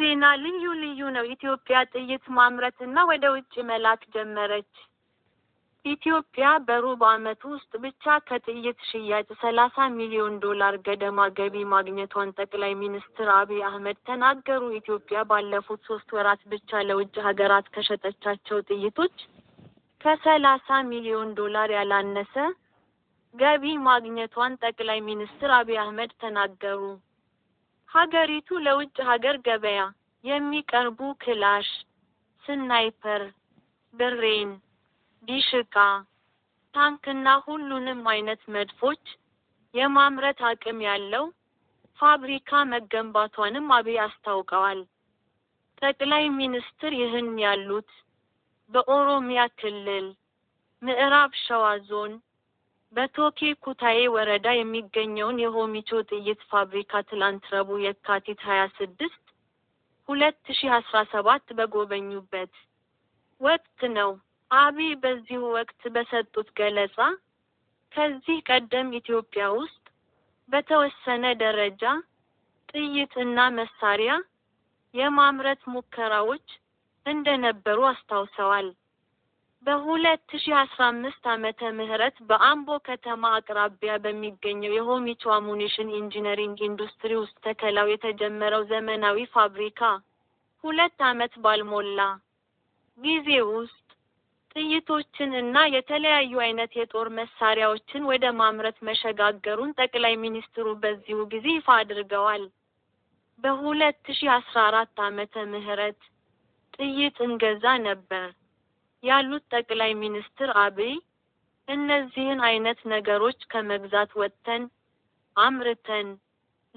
ዜና ልዩ ልዩ ነው። ኢትዮጵያ ጥይት ማምረትና ወደ ውጭ መላክ ጀመረች። ኢትዮጵያ በሩብ ዓመት ውስጥ ብቻ ከጥይት ሽያጭ ሰላሳ ሚሊዮን ዶላር ገደማ ገቢ ማግኘቷን ጠቅላይ ሚኒስትር አብይ አህመድ ተናገሩ። ኢትዮጵያ ባለፉት ሶስት ወራት ብቻ ለውጭ ሀገራት ከሸጠቻቸው ጥይቶች ከሰላሳ ሚሊዮን ዶላር ያላነሰ ገቢ ማግኘቷን ጠቅላይ ሚኒስትር አብይ አህመድ ተናገሩ። ሀገሪቱ ለውጭ ሀገር ገበያ የሚቀርቡ ክላሽ፣ ስናይፐር፣ ብሬን፣ ዲሽቃ፣ ታንክና ሁሉንም አይነት መድፎች የማምረት አቅም ያለው ፋብሪካ መገንባቷንም አብይ አስታውቀዋል። ጠቅላይ ሚኒስትር ይህን ያሉት በኦሮሚያ ክልል ምዕራብ ሸዋ ዞን በቶኬ ኩታዬ ወረዳ የሚገኘውን የሆሚቾ ጥይት ፋብሪካ ትላንት ረቡዕ የካቲት ሀያ ስድስት ሁለት ሺ አስራ ሰባት በጎበኙበት ወቅት ነው። አቢ በዚሁ ወቅት በሰጡት ገለጻ ከዚህ ቀደም ኢትዮጵያ ውስጥ በተወሰነ ደረጃ ጥይት እና መሳሪያ የማምረት ሙከራዎች እንደነበሩ አስታውሰዋል። በሁለት ሺህ አስራ አምስት ዓመተ ምህረት በአምቦ ከተማ አቅራቢያ በሚገኘው የሆሚቹ አሙኒሽን ኢንጂነሪንግ ኢንዱስትሪ ውስጥ ተከላው የተጀመረው ዘመናዊ ፋብሪካ ሁለት ዓመት ባልሞላ ጊዜ ውስጥ ጥይቶችን እና የተለያዩ አይነት የጦር መሳሪያዎችን ወደ ማምረት መሸጋገሩን ጠቅላይ ሚኒስትሩ በዚሁ ጊዜ ይፋ አድርገዋል። በሁለት ሺህ አስራ አራት ዓመተ ምህረት ጥይት እንገዛ ነበር ያሉት ጠቅላይ ሚኒስትር አብይ እነዚህን አይነት ነገሮች ከመግዛት ወጥተን አምርተን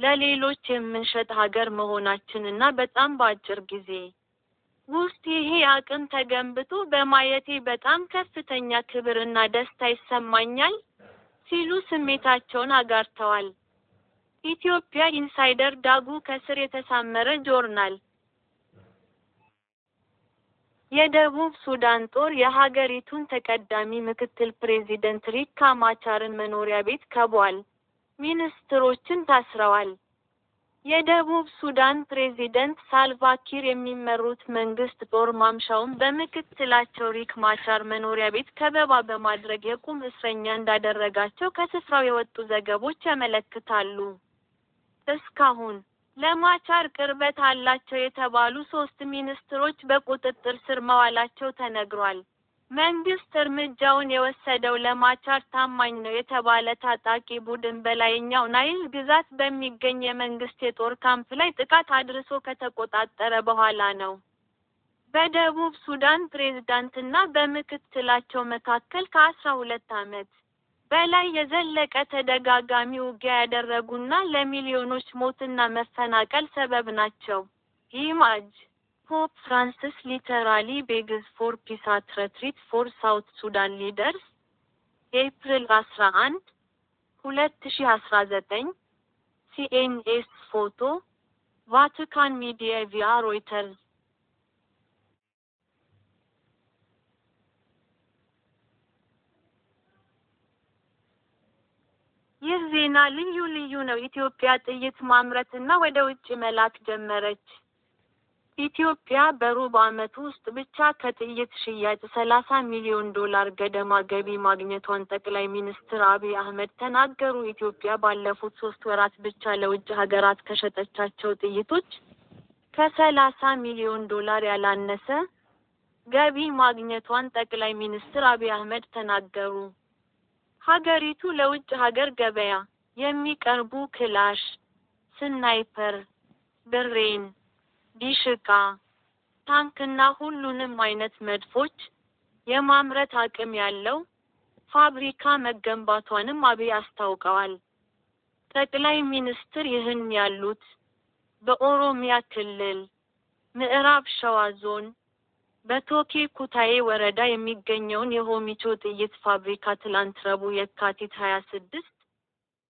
ለሌሎች የምንሸጥ ሀገር መሆናችን እና በጣም በአጭር ጊዜ ውስጥ ይሄ አቅም ተገንብቶ በማየቴ በጣም ከፍተኛ ክብርና ደስታ ይሰማኛል ሲሉ ስሜታቸውን አጋርተዋል። ኢትዮጵያ ኢንሳይደር ዳጉ ከስር የተሳመረ ጆርናል የደቡብ ሱዳን ጦር የሀገሪቱን ተቀዳሚ ምክትል ፕሬዚደንት ሪካ ማቻርን መኖሪያ ቤት ከቧል። ሚኒስትሮችን ታስረዋል። የደቡብ ሱዳን ፕሬዚደንት ሳልቫኪር የሚመሩት መንግስት ጦር ማምሻውን በምክትላቸው ሪክ ማቻር መኖሪያ ቤት ከበባ በማድረግ የቁም እስረኛ እንዳደረጋቸው ከስፍራው የወጡ ዘገቦች ያመለክታሉ። እስካሁን ለማቻር ቅርበት አላቸው የተባሉ ሶስት ሚኒስትሮች በቁጥጥር ስር መዋላቸው ተነግሯል። መንግስት እርምጃውን የወሰደው ለማቻር ታማኝ ነው የተባለ ታጣቂ ቡድን በላይኛው ናይል ግዛት በሚገኝ የመንግስት የጦር ካምፕ ላይ ጥቃት አድርሶ ከተቆጣጠረ በኋላ ነው። በደቡብ ሱዳን ፕሬዝዳንትና በምክትላቸው መካከል ከአስራ ሁለት ዓመት በላይ የዘለቀ ተደጋጋሚ ውጊያ ያደረጉና ለሚሊዮኖች ሞትና መፈናቀል ሰበብ ናቸው። ኢማጅ ፖፕ ፍራንሲስ ሊተራሊ ቤግስ ፎር ፒስ አት ፎር ሳውት ሱዳን ሊደርስ ኤፕሪል አስራ ዘጠኝ ሲኤንኤስ ፎቶ ቫቲካን ሚዲያ ቪያ ሮይተርስ ይህ ዜና ልዩ ልዩ ነው። ኢትዮጵያ ጥይት እና ወደ ውጭ መላክ ጀመረች። ኢትዮጵያ በሩብ ዓመት ውስጥ ብቻ ከጥይት ሽያጭ ሰላሳ ሚሊዮን ዶላር ገደማ ገቢ ማግኘቷን ጠቅላይ ሚኒስትር አብይ አህመድ ተናገሩ። ኢትዮጵያ ባለፉት ሶስት ወራት ብቻ ለውጭ ሀገራት ከሸጠቻቸው ጥይቶች ከሰላሳ ሚሊዮን ዶላር ያላነሰ ገቢ ማግኘቷን ጠቅላይ ሚኒስትር አብይ አህመድ ተናገሩ። ሀገሪቱ ለውጭ ሀገር ገበያ የሚቀርቡ ክላሽ፣ ስናይፐር፣ ብሬን፣ ዲሽቃ፣ ታንክና ሁሉንም አይነት መድፎች የማምረት አቅም ያለው ፋብሪካ መገንባቷንም አብይ አስታውቀዋል። ጠቅላይ ሚኒስትር ይህን ያሉት በኦሮሚያ ክልል ምዕራብ ሸዋ ዞን በቶኬ ኩታዬ ወረዳ የሚገኘውን የሆሚቾ ጥይት ፋብሪካ ትላንት ረቡዕ የካቲት ሀያ ስድስት